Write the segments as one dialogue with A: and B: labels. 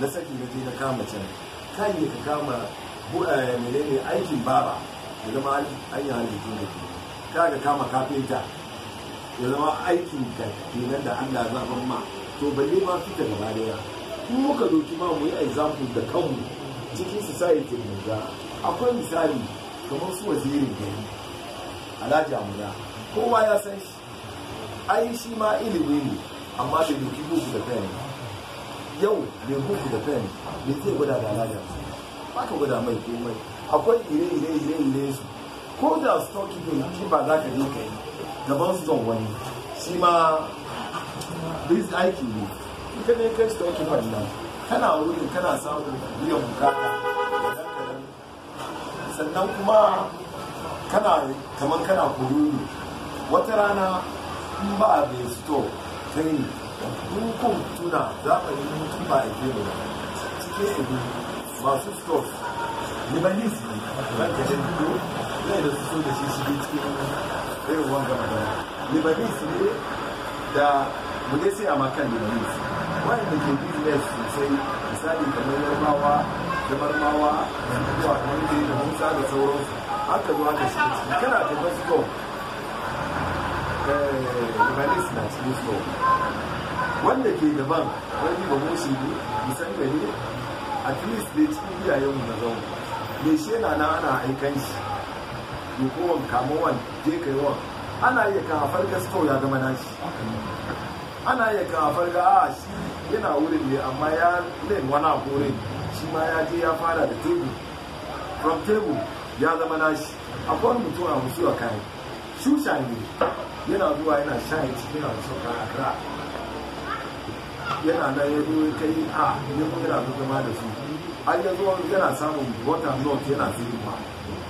A: na saki na je na kama can kan ne ka kama eh, ne aikin baba ya zama an yi halittu ke ka ga kama kafinta ya zama aikin ka kenan da Allah zaban ma to balle ma fita gaba daya in muka doki ma mu yi example da kanmu cikin society mu ga akwai misali kamar su wazirin gari alhaji amuna kowa ya san shi ai shi ma ilimi ne amma da doki boko da kai yau mai hutu da kan me zai gwada da yanzu ba ka gwada mai komai akwai ire-ire ire-ire su ko da tauki keeping shi ba za ka je ka yi gaban su zan wani shi ma biz aiki ne ita ne kai stock keeping nan kana wurin kana samun biyan bukata sannan kuma kana kamar kana kuru ne wata rana in ba a bai store training mun kan tuna zamani mun kiba a gero cikin masu stof libanese ne ran ka dan ne da su so da shi shige cikin irin wanga magana libanese ne da mune sai a makan libanese wanda ke business sosai misali kamar yarbawa da marmawa da kuwa wanda da musa da sauransu haka zuwa ka shiga ciki kana da basu libanese na cikin stof wanda ke daban wani ba musu ne musan gari at least da cikin iyayen mu na zaune me shi yana na ana aikan shi ne ko wan kama wan je kai wan ana iya ka farga sto ya zama na shi. ana iya ka farga a ah, shi yana wurin ne amma ya ne wani wurin shi ma ya je ya fara da tebu from table ya zama na nashi akwai mutum a musu a kayan shusha ne yana zuwa yana sha shayi cikin a wasu kara yana nan ya zo ya kai a ya zo yana zo zama da su an ya zo yana samun water note yana zuwa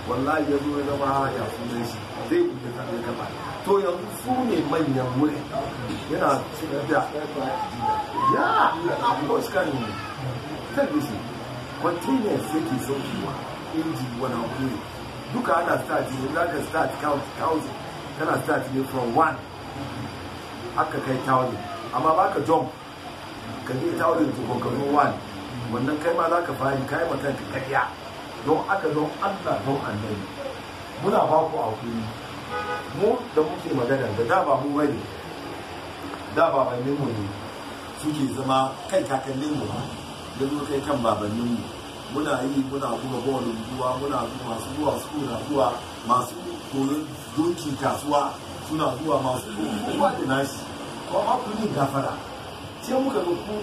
A: wallahi ya zo ya zama ya suna shi zai buɗe ta ya gaba to yanzu su ne manyan wuri yana da ya of course kan sai ke yake saukewa inji wani wuri duka ana start ne za ka start count kana start ne from one haka kai thousand amma baka jump ka je ta wurin tukun ka zo wani wannan kai ma za ka fari kai ma kanka karya don aka don allah don annabi muna ba ku hakuri mu da muke magana da da ba mu bane da ba babannin mu ne suke zama kai kakannin mu da mu kai kan babannin mu muna yi muna kuma bolin ruwa muna masu zuwa su na zuwa masu koyon doki kasuwa suna zuwa masu kowa da nashi kuma ku yin gafara sai muka ga ku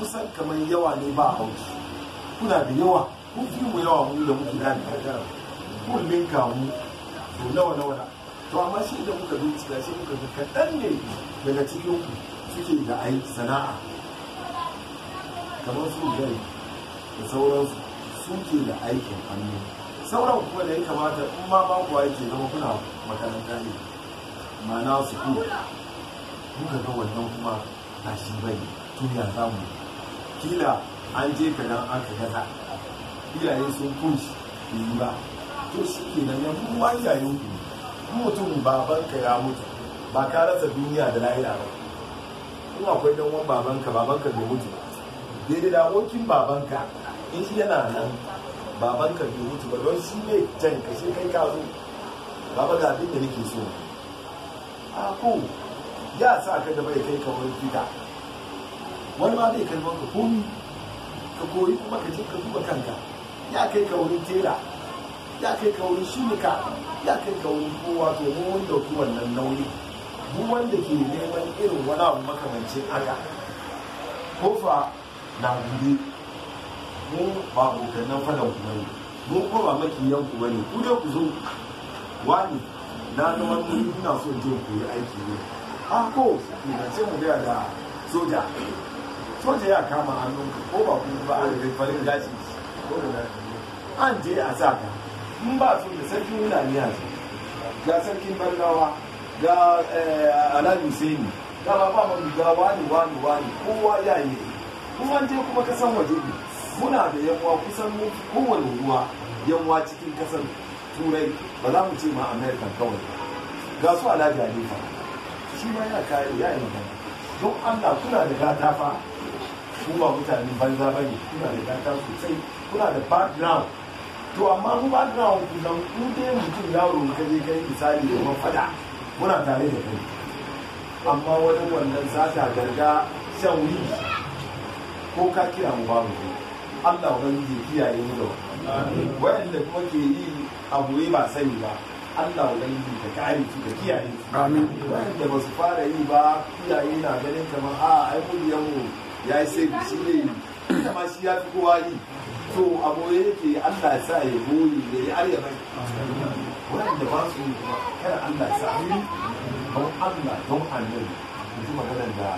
A: kusan kamar yawa ne ba a haushi kuna da yawa kun fi mu yawa mu da muke nan kun linka mu to nawa nawa na to amma shi idan muka bincika sai muka ga kaɗan ne daga cikin ku suke da ai sana'a kamar su gari da sauransu suke da aikin hannu sauran kuma da ya kamata in ma ba ku aiki zama kuna makaranta ne ma'ana su ku muka ga wannan kuma ba shi ba ne tuya kila an je ka an aka gaza iyaye sun kunshi ne yi ba to shi ke nan yan ruwa iyayen ku mutum babanka ya mutu ba ka rasa duniya da lahira ba kuma akwai dan wani babanka babanka bai mutu daidai da abokin babanka in shi yana nan babanka bai mutu ba don shi ne jan kashe kai ka zo baba ga abin da nake so a ko ya sa ka da bai kai ka fita gida wani ma zai kalmar ka komi ka koyi kuma ka je ka duba kanka ya kai ka wurin tela ya kai ka wurin ya kai ka wurin kowa to mu wanda ku wannan nauyi mu wanda ke neman irin wani abu makamancin haka kofa na gudu mu ba abokanan fadan ku bane mu ko ba makiyan ku bane ku dai ku zo wani na zama wani ina so jin je koyi aiki ne of da ce mu biya da soja soja ya kama hannu ko ba kuma ba a da farin gashi ko da an je a sa ka in ba su da sarkin wulani a su ga sarkin barnawa ga alhaji husaini ga ba ba mu ga wani wani wani kowa ya yi kuma an je kuma kasan waje ne muna da yanwa kusan mu kowane ruwa yanwa cikin kasan turai ba za mu ce ma amerika kawai ga su alhaji halifa shi ma yana kayan ya yi magana don Allah kuna da gata fa kuma ba mutane banza ba ne kuna da gata sosai kuna da background to amma mu background ku nan ku dai mutum yaro ka je kai misali da mafada muna tare da kai amma wani wannan sata garga shan wuri ko ka kira mu ba mu Allah wani kiyaye mu da wani wa'anda kuma ke yi abu ba sani ba Allah ubangiji ka kare su ka kiyaye su amin wanda ba su fara yi ba kiyaye na ganin kamar a ah, ai muliyan mu yi sai shi ne kuma shi ya fi kowa yi to abu yake Allah ya sa ya goyi ya bai. Wani da ba su kar Allah ya sa don Allah don annabi mutum maganar da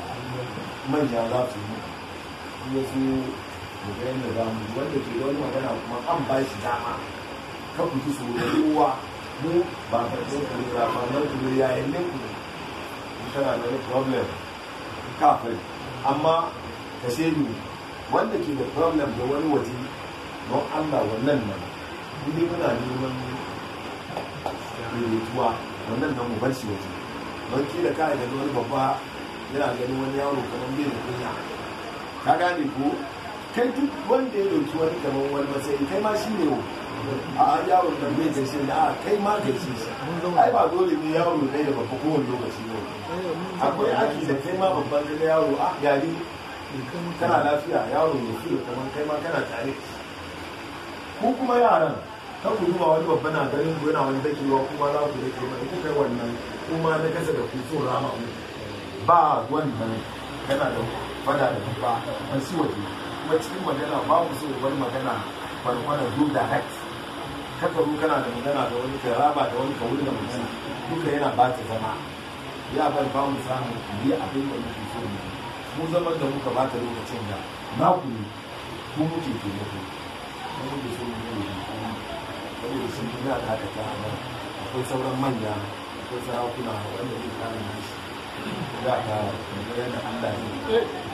A: manya za su yi ya su maganar da mu wanda ke da wani magana kuma an ba shi dama kan ku su tsoron kowa mu ba ka ɗin kare ba ba nan kuma yayin ne ku tana da wani problem kafin amma ka sai ni wanda ke da problem da wani waje don Allah wannan nan ne muna neman rubutuwa wannan nan mu bar shi waje don kila ka da wani babba yana ganin wani yaro kamar bai da kunya ka gane ko kai duk wanda ya dauki wani kamar wani matsayi kai ma shi ne a yawon da mai gaishe da a kai ma gaishe shi ai ba dole ne yaro ɗaya da babba wani lokaci ne
B: akwai aki
A: da kai ma babban da yaro a ah, gari kana lafiya yaro ne da kamar kai ma kana tare ko kuma yaran ta kudu ba wani babba na garin ku yana wani dakewa kuma za ku dake mai kuka wannan kuma na kasa da ku so rama ba wannan kana da fada da babba an siwa ne kuma cikin magana babu so wani magana kwarkwara do direct kaka ru kana da magana da wani ka raba da wani ka da magana duka yana ba ta zama ya bar ba mu samu yi abin da muke so ne mu zama da muka ba ta lokacin da na ku ne ku muke taimako mu muke so yi sun da aka ta akwai sauran manya akwai sarakuna wanda zai kare nashi da ka da Allah ne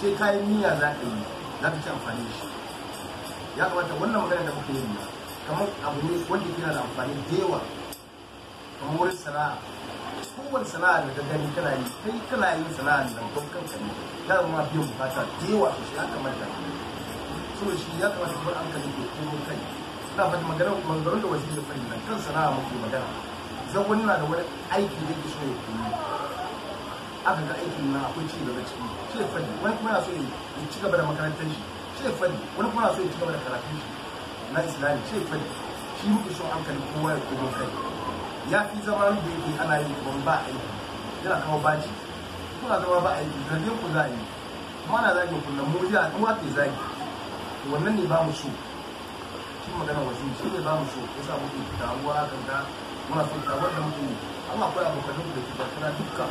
A: sai kayan miya za ka yi za ka ci amfani da shi ya kamata wannan magana da muka yi na kamar abu ne wanda yana da amfani da yawa kamar wurin sana'a kowane sana'a da gani kana yi kai kana yin sana'a da don kanka ne ya zama biyan bukata da yawa sosai ya kamata so shi ya kamata kuma an kalli ko mun kai ina fata magana maganganun da wasu ke fari nan kan sana'a muke magana zan wani na da wani aiki da ke so ya kuma aka ga aikin nan akwai ci gaba ciki shi ya fadi wani kuma na so ya ci gaba da makarantar shi shi ya fadi wani kuma na so ya ci gaba da karatun shi na islami shi ya fadi shi muke so hankali kowa ya koma kai ya fi zama da yake ana yi ban ba aiki yana kawo baji kuna zama ba aiki zargin ku za a yi kuma na zagin ku nan mu ji a kuma ke zagi wannan ne ba mu so shi magana wasu shi ne ba mu so ya sa muke taruwa kan ga muna so taruwar da muke Allah ko ya abokanin da ke bakana dukkan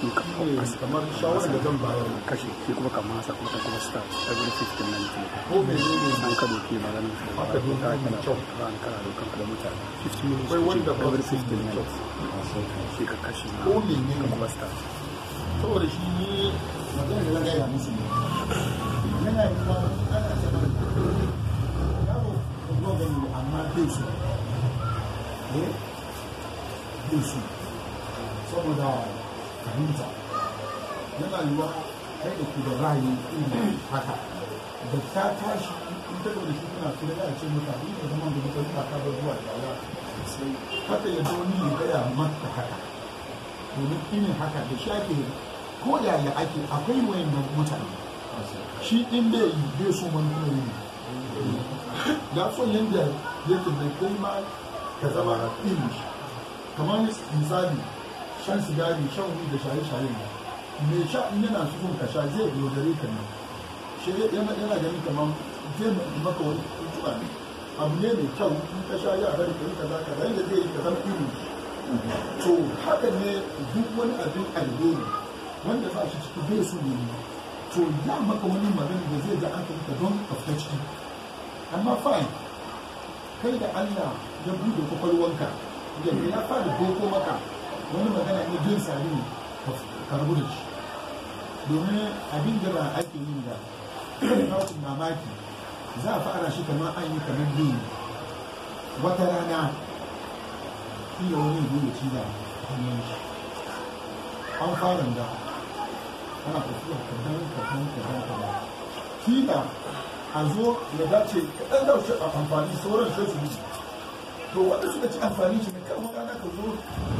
B: shi
C: kamar shawara da zan bayar kashe shi kuma kamar sa kuma kuma star every 15 minutes ko ne ne an ka doke maganin aka doka kana kyau ran kana dokan ka da mutane 15 minutes kai wanda ba 15 minutes shi ka kashe na ko ne ne kuma star
A: saboda shi ne magana da zan a musu ne yana da ana sanar da yaro ko ga ni amma bai shi ne bai shi saboda fahimta yana yiwuwa kai da ku da ra'ayi irin haka da ta tashi in ta da shi kuna kira da ce maka in da zaman da muka yi ta zuwa da ya sai haka ya zo ni ya gaya mata haka domin irin haka da shi ake ko yaya ake akwai wayannan mutane shi in bai yi bai so manufar yi da so yadda yake da kai ma ka zama irin shi kamar misali shan sigari shan wuri da shaye shaye ne me sha in yana su kuma kasha zai dogare ka ne shi yana yana ganin kamar zai maka wani tuba ne abu ne mai kyau in ka sha yara da kai kaza kaza da zai yi ka zama irin to haka ne duk wani abin alheri wanda ba shi ciki zai so ne to ya maka wani magana da zai ga an ka don ka fita ciki amma fine kai da Allah ya bude kwakwalwanka da ya fara boko maka
B: wani magana ne
A: jin sabin ka da shi domin abin da ba ake yin da kawai mamaki za a fara shi kamar an yi kamar biyu wata rana iya wani biyu ci da hannun shi an fara da ana tafiya kadan kadan kadan kadan kila a zo ya dace kadan da shi amfani sauran shi su to wanda suka ci amfani shi ne kan wata ka zo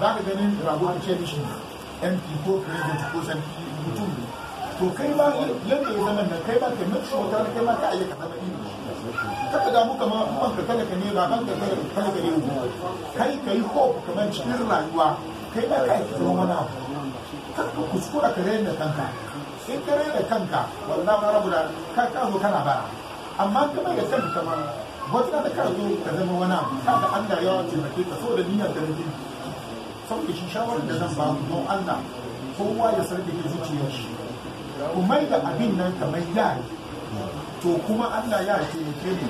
A: za ka ganin rago an ce mishi mp ko president ko sanfi mutum ne to kai ba yadda ya zama nan kai ba ka make sure ta kai ma ka ayyuka zama ilimi kada da mu kamar ban ka talaka ne ba ban ka talaka ne kai kai hope kamar cikin rayuwa kai ba ka aiki zama wani abu kar ka kuskura ka raina kanka in ka raina kanka wallahi ma rabu da ka ka zo kana bara amma ka mai da kanka kamar wata da ka zo ka zama wani abu kaga Allah ya taimake ka so da niyyar da kake saboda shi shawarar da zan ba mu don Allah kowa ya san da ke zuciyar shi ku mai da abin nan kamar yare to kuma Allah ya ce ne ke ne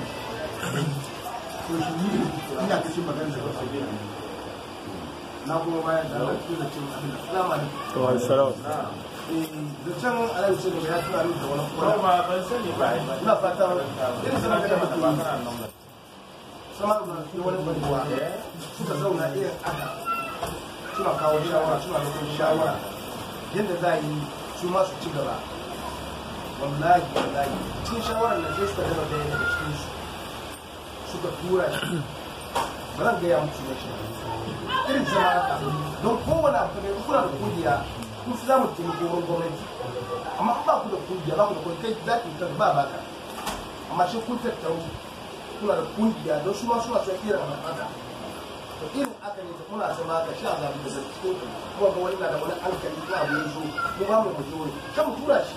A: to shi ne ina ta cin magana da wasu na kuma bayan da Allah ke da cin abin assalamu alaikum wa salam da eh, can alaihi sallam ya tura da wani kuma ba ban sani ba ina fata irin sanar da mutum ba ba kana nan sama da wani barewa suka zauna iya aka suna kawo shawara suna nufin shawara yadda za a yi su masu ci gaba wallahi wallahi cikin shawarar da zai suka gaba daya daga cikin su suka tura shi ba zan gaya mutu na shi irin zama haka don kowane abu ne kuna da kungiya kun su zamu taimako wurin gwamnati amma in ba ku da kungiya ba ku da kai za ku ta ba baka amma shi kun tattaru kuna da kungiya don su ma suna son irin haka to irin aka yi ta kuna sama ka sha zafi da zai cikin ku kuma ga wani da wani alkali ko abu ya zo mu ba mu mu je wani kan mu tura shi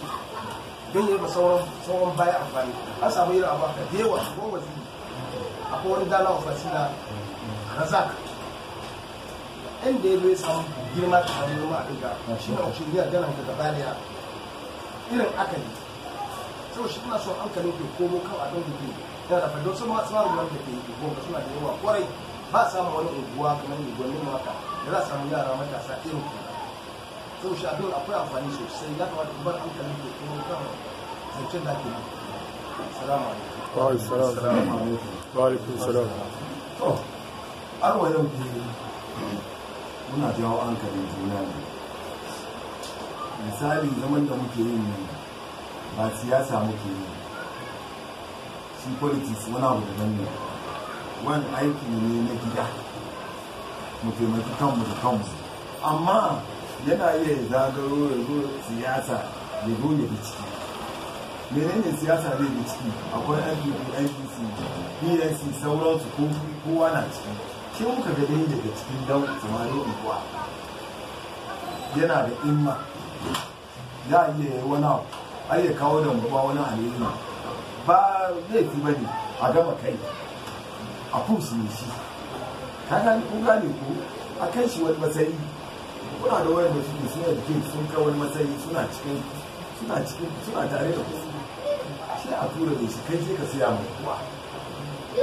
A: don yi ma sauran sauran baya amfani an samu irin abu haka da yawa ko waziri akwai wani dala wa fasila razak inda ya zo ya samu girma ta hannun ruwa a duka shi na shi ne a ganin daga baliya irin aka ne sau shi ina son an kare ke komo kan abin da ke yana da fadon sun ma tsara da ke yi ko suna da yawa kwarai ba samun wani unguwa kamar unguwannin maka da za a samu yara matasa irin ku sau shi abin akwai amfani sosai ya kamata ku bar hankali ke kuma kan zancen da ke salamu alaikum wa alaikum salam to muna jawo hankalin juna ne misali zaman da muke yin nan ba siyasa muke yi shi politics wani abu da nan ne wani aiki ne na gida mu taimaki kanmu da kanmu amma yana iya zagaro ya zo siyasa ya zo ya bi ciki menene siyasa zai bi ciki akwai ndp ndc bnc sauransu ko kowa na ciki shi muka ga dai daga cikin dan samari unguwa yana da imma Ya a iya yi wani abu ai ya kawo da wani halilina ba zai fi bane a gama kai a ne shi ka ni ko gane ko a kai shi wani matsayi kuna da wayar da suke suna jikin sun kai wani matsayi suna cikin suna cikin suna tare da kusa shi a tura da shi kai je ka siya mai kuwa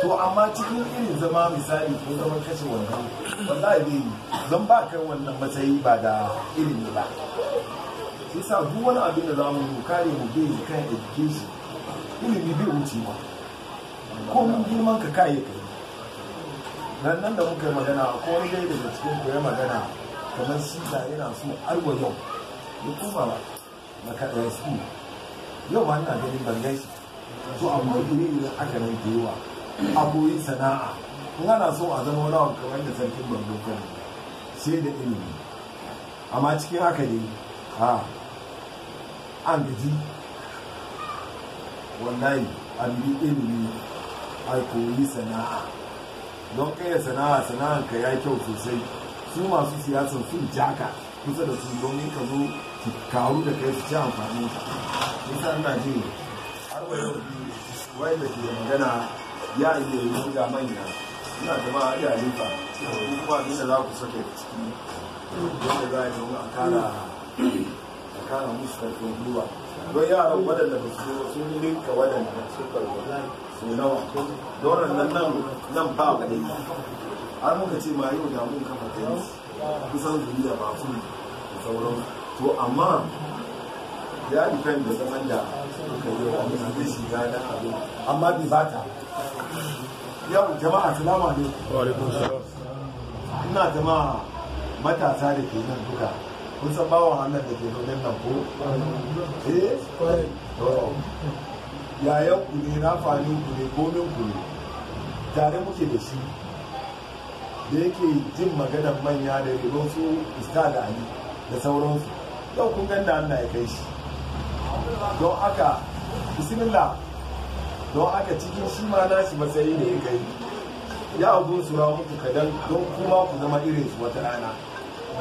A: to amma cikin irin zama misali ko zaman kashe wannan wallahi ne zan ba kai wannan matsayi ba da irin ne ba shi sa duk wani abin da zamu mu kare mu bai kan education ilimi bai wuce ba ko mun girman ka kai ka. nan nan da muka yi magana ko wani dai daga cikin ku ya magana kamar sita yana so arwa yau ya kuma makaɗa su yau ba na ganin bangai to amma guri ne aka nan da yawa aboyin sana'a in ana so a zama wani abu kamar da sarkin bango kan sai da ilimi amma cikin haka ne a an gaji wallahi an bi ilimi a koyi sana'a don kaya sana'a sana'a ka ya kyau sosai su masu siyasa sun jaka kusa da su domin ka zo ki karu da kai su ci amfani nisa ina ji har wa yau wai da ke magana ya iya yi ga manya ina jama'a iya lifa kuma abin da za ku sake ciki da za a yi a kara kama musu karfin don yaran waɗanda ba su sun linka waɗanda suka su nawa don nan nan nan ba ga dai har muka ce ma yau da mun kafa yi kusan zuriya ba su da sauran to amma ya depend da zaman da suka yi wa wani zai shiga da abu amma bi ba ta yau jama'a salama ne ina jama'a matasa da ke nan duka kun san bawan hannun da ke zonin nan ko eh yayan ku ne na fani ku ne gomin ku ne tare muke da shi da yake jin maganar manya da ribon su ista da ali da sauransu yau kun ganda Allah ya kai shi don aka bismillah don aka cikin shi ma nashi matsayi da ya kai ya abun sura muku kadan don kuma ku zama irin su wata rana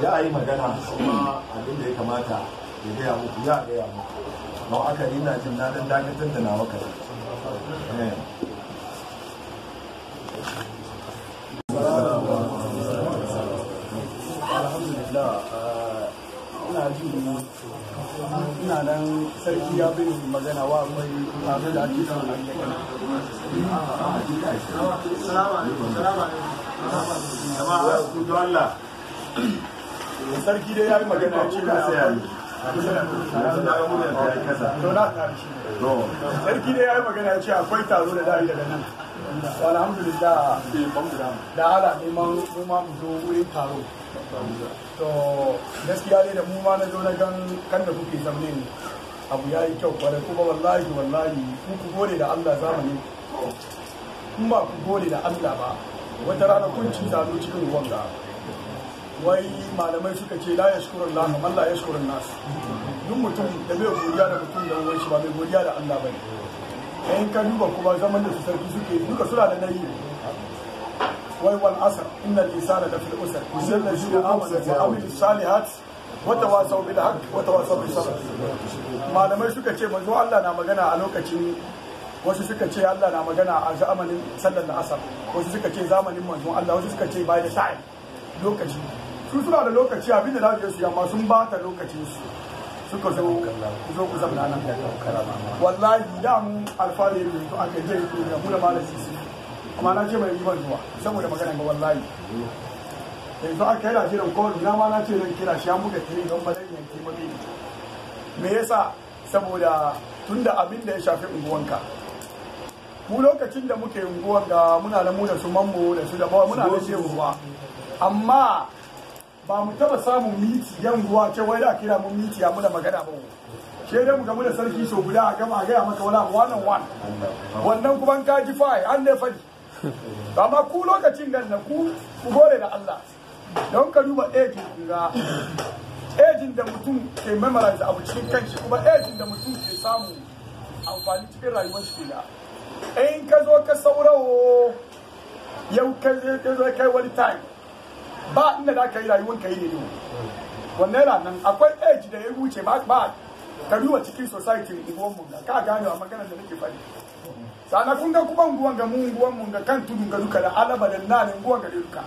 A: ya yi magana kuma abin da ya kamata ya gaya muku ya gaya muku don aka yi na jin nadan dakatar da nawa kare
B: eh. eh, ina nan sarki ya bin magana wa akwai abin da ake son
A: a yi sarki dai ya yi magana ya ce na saya ne
C: sarki dai ya yi magana ya ce akwai taro da dari daga nan alhamdulillah da ala neman kuma mu zo wurin taro to gaskiya ne da mu ma na zo na gan kan da kuke zamne ne abu ya yi kyau kwarai kuma wallahi wallahi ku ku gode da Allah zamani kuma ku gode da Allah ba wata rana kun ci zalo cikin ruwan ga wai malamai suka ce la yashkurun la man la yashkurun nas duk mutum da bai godiya da mutum da wani shi ba bai godiya da Allah bane in ka duba kuma zaman da su sarki suke duka suna da nayi wai wal asr innal insana lafi usr innal ladzina amanu wa amilus salihat wata wasau bil haqq wata wasau bis sabr malamai suka ce manzo Allah na magana a lokacin wasu suka ce Allah na magana a zamanin sallar da asar wasu suka ce zamanin manzo Allah wasu suka ce bai da sa'i lokaci su suna da lokaci abinda za su je su yi sun ba ta lokacin su suka zo ku zo ku zamna nan da wallahi da mu alfali ne to aka je ku da mu da malaci su amma na ce mai liban zuwa saboda magana ga wallahi yanzu aka yi rashirin kowar na ma na ce zan kira shi an buga tiri don ba zan yanki ba me yasa saboda tunda abin da ya shafi unguwanka mu lokacin da muke unguwar da muna da mu da su mambo da su da bawa muna da shehu ba amma ba mu taba samun miti yan ruwa ce wai da kira mun miti ya muna magana ba ke dai mu gamu da sarki so guda a gama gaya maka wala wannan one wannan kuma ka ji fa an ne fadi amma ku lokacin gan na ku ku gore da Allah don ka duba ejin ga ejin da mutum ke memorize abu cikin kanshi kuma ejin da mutum ke samu amfani cikin rayuwar shi da in ka zo ka saurawo yau ka zo kai wani time ba inda da ka yi rayuwar ka yi ne yau wanne yana nan akwai age da ya wuce ba ba ka duba cikin society gwan mu ka gane wa maganar da nake faɗi sana kun ga kuma nguwan ga mu unguwan mu ga kan tudun ga duka da alaba da nan nguwan ga duka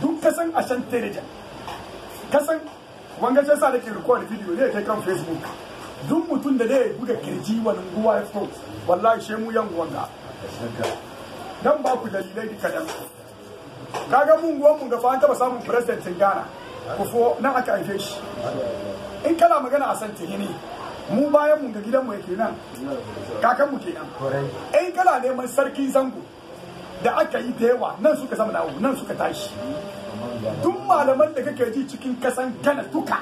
C: duk kasan ashan teleja kasan wanga sai sa nake record video ne kai kan facebook duk mutum da zai buga kirji wa unguwa ya fito wallahi shemu yan nguwan ga dan ba ku dalilai duka dan kaga mun gwan da gafa an taba samun president in Ghana kufo nan aka haife shi in kana magana a san tihini mu bayan mu ga gidan mu yake nan kakan mu kenan in kana neman sarki zango da aka yi da yawa nan suka zama dawo nan suka tashi tun malaman da kake ji cikin kasan kana tuka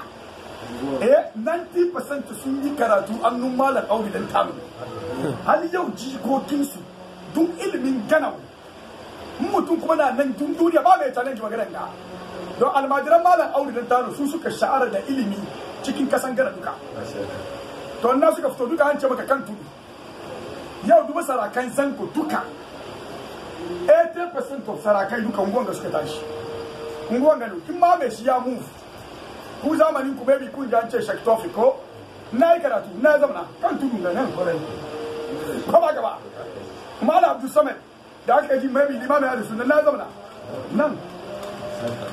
C: eh 90% sun yi karatu annun malam aure dan tamu har yau jikokinsu duk ilimin Ghana mutum kuma na nan dun duniya ba mai challenge maganar ka don almajiran malam aure dan tano su suka sha'ara da ilimi cikin kasan gara duka to na suka fito duka an ce maka kan tudu yau duba sarakan zanko duka 80% of sarakai duka unguwan ga suka tashi unguwan ga in ma mai shi ya move ku zamanin ku baby kun ji an ce shak ko na yi karatu na zamana kan tudu da nan kwarai ba ba gaba malam abdul samad da aka ji mai limamin ahli sunna na zamana nan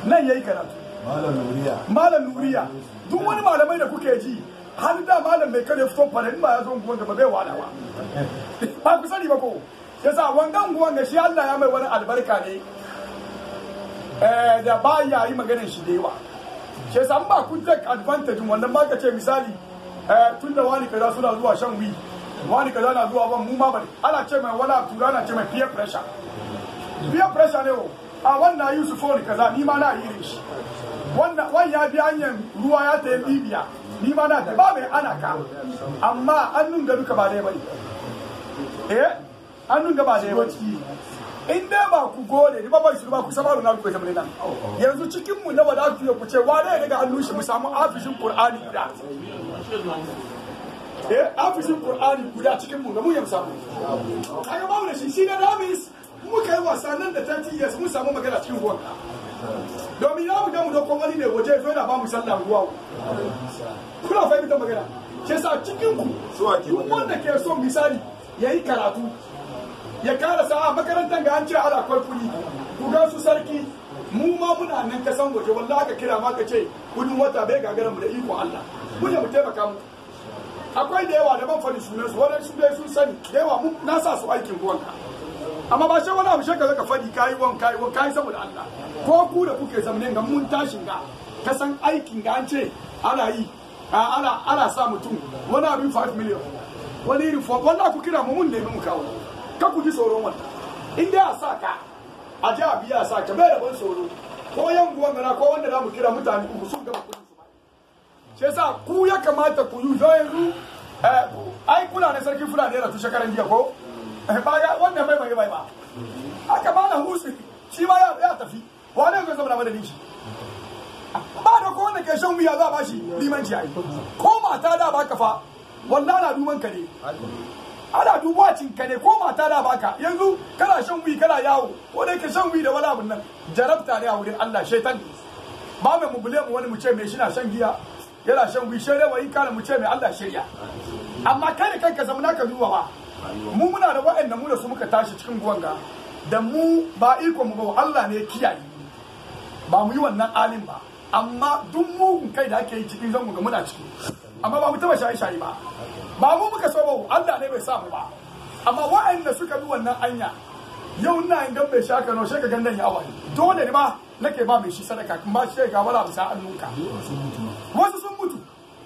C: nan yayi karatu
B: malam nuriya
C: malam nuriya duk wani malamai da kuke ji har da malam mai kare fito fara in ba ya zo unguwan ba bai wada ba ku sani ba ko yasa wangan unguwan ga shi Allah ya mai wani albarka ne eh, da ba ya yi maganar shi da yawa shi yasa ba ku take advantage wannan ba ka ce misali eh, tun da wani kaza suna zuwa shan wi. wani kaza na zuwa ban mu ma bari ce mai wala tura ce mai peer pressure peer pressure ne o a wannan yusufo ne kaza ni ma na yi shi wannan ya bi hanyar ruwa ya ta bibiya ni ma na ba mai ana ka amma annun ga duka ba dai bane eh ga ba dai bane in dai ba ku gode ni ba ba ku samaru na ku zama yanzu cikin mu na wadatu ya ku ce wa ne daga annun shi mu samu afishin qur'ani da eh afishin qur'ani guda cikin mu da mu yamsa mu kaga ba mu da shi shi da damis Mu kai wasa nan da 30 years mun samu magana cikin ruwan domin ya mu damu dokon wani ne waje fa yana ba mu sallah ruwa kuna ta magana ke sa cikin ku duk wanda ke son misali yayi karatu ya karasa a makarantar ga an ce ala akwai kuɗi ga su sarki mu ma muna nan kasan waje wallahi ka kira ma ka ce kudin wata bai gagara mu da iko Allah mu ne mu taimaka mu akwai da yawa da ban faɗi sunan su su dai sun sani da yawa mun na sa su aikin ruwanka amma ba shi wani abu ka zaka faɗi kayi wan kayi wan kayi saboda Allah ko ku da kuke zamanin ga mun tashin ga ka san aikin ga an ce ana yi ana ana sa mutum wani abin 5 million wani irin fo wani ku kira mu mun nemi mu kawo ka ku ji tsoron wannan in dai a sa ka a ji a biya sa ka bai da ban tsoro ko yan guwan gana ko wanda za mu kira mutane uku sun gama kudi shi ku ya kamata ku yi zo yanzu eh, ai kula na sarki fulani yana tushe karan jiya ko eh, baya wannan bai mai bai ba aka ba na husu shi ma ya tafi wani ga zama da madadin shi ba da ko wanda ke shan wuya za ba shi limanci ai ko mata da baka fa wallahi na duban ka ne ana dubacin ka ne ko mata da baka yanzu kana shan wi kana yawo ko da ke shan wi da wani abun nan jarabta ne a wurin Allah shaitan ba mai mu bule mu wani mu ce me shi na shan giya yana shan wi shere wa in kana mu ce mai Allah shirya amma kai kanka zama naka duba ba mu muna da wa'anda mu da su muka tashi cikin gwanga da mu ba iko mu ba Allah ne kiyaye ba mu yi wannan alim ba amma duk mu kai da ake yi cikin zango ga muna ciki amma ba mu taba shaye shaye ba ba mu muka so ba Allah ne bai sa mu ba amma wa'anda suka bi wannan anya yau ina in gan bai sha ka gandan ya awai dole ne ba nake ba mai shi sadaka kuma shi ga wala bisa annunka wasu sun mutu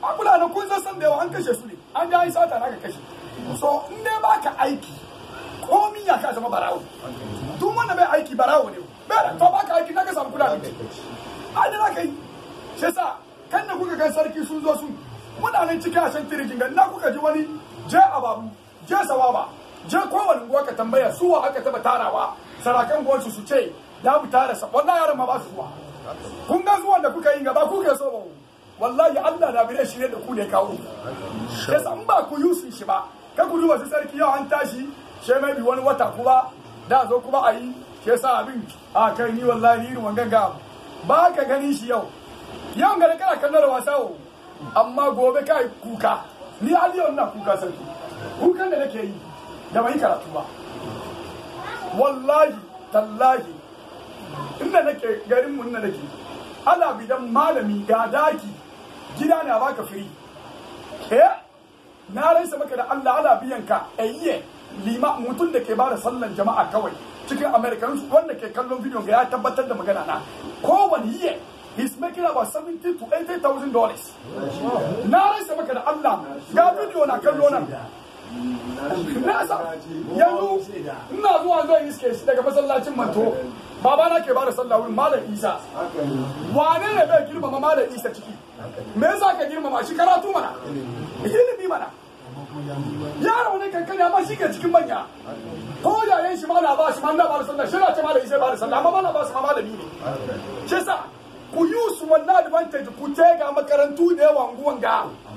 C: a na kun san da yawa an kashe su ne an ga isa ta naka kashe so in dai baka aiki komi ya ka zama barawo duk wanda bai aiki barawo ne bai to baka aiki naka samu kula ne a da kai shi sa kan da kuka kan sarki sun zo sun mutanen ciki a ashen tirikin ga na kuka ji wani je ababu je sawaba je kowane unguwa ka tambaya suwa aka taba tarawa sarakan gwansu su ce ya mu tare sa wallahi yaron ma ba su zuwa kun ga zuwan da kuka yi gaba ku ke so ba wallahi Allah na bire shi ne da ku ne kawo sai san ba ku yusu shi ba ka ku duba su sarki yau an tashi she mai bi wani wata kuma da zo kuma a yi she sa abin a kai ni wallahi irin wangan ga ba ka gani shi yau yau ga kana kallon wasa amma gobe kai kuka ni har yau na kuka sarki kukan da nake yi da bai karatu ba wallahi tallahi inda nake garin mun nake ala bidan malami ga daki gida na baka firi eh na raisa maka da Allah ala biyan ka ayye lima mutum da ke bada sallan jama'a kawai cikin americans wanda ke kallon video ga ya tabbatar da magana na kowani year he's making about 70 to 80,000 dollars na raisa maka da Allah ga video na kallo nan
A: na yanzu
C: ina zuwa zai iske shi daga masallacin manto baba na ke bada sallah wurin malam isa wane ne bai girmama malam isa ciki me yasa ka girmama shi karatu mana ilimi mana yaro ne kankani amma shi ke cikin manya ko yayin shi malam na ba shi ma ba sallah shi na ce malam isa bada da sallah amma malam na ba shi ma malami ne
B: shi yasa ku use wannan advantage ku tega makarantu da yawan guwan ga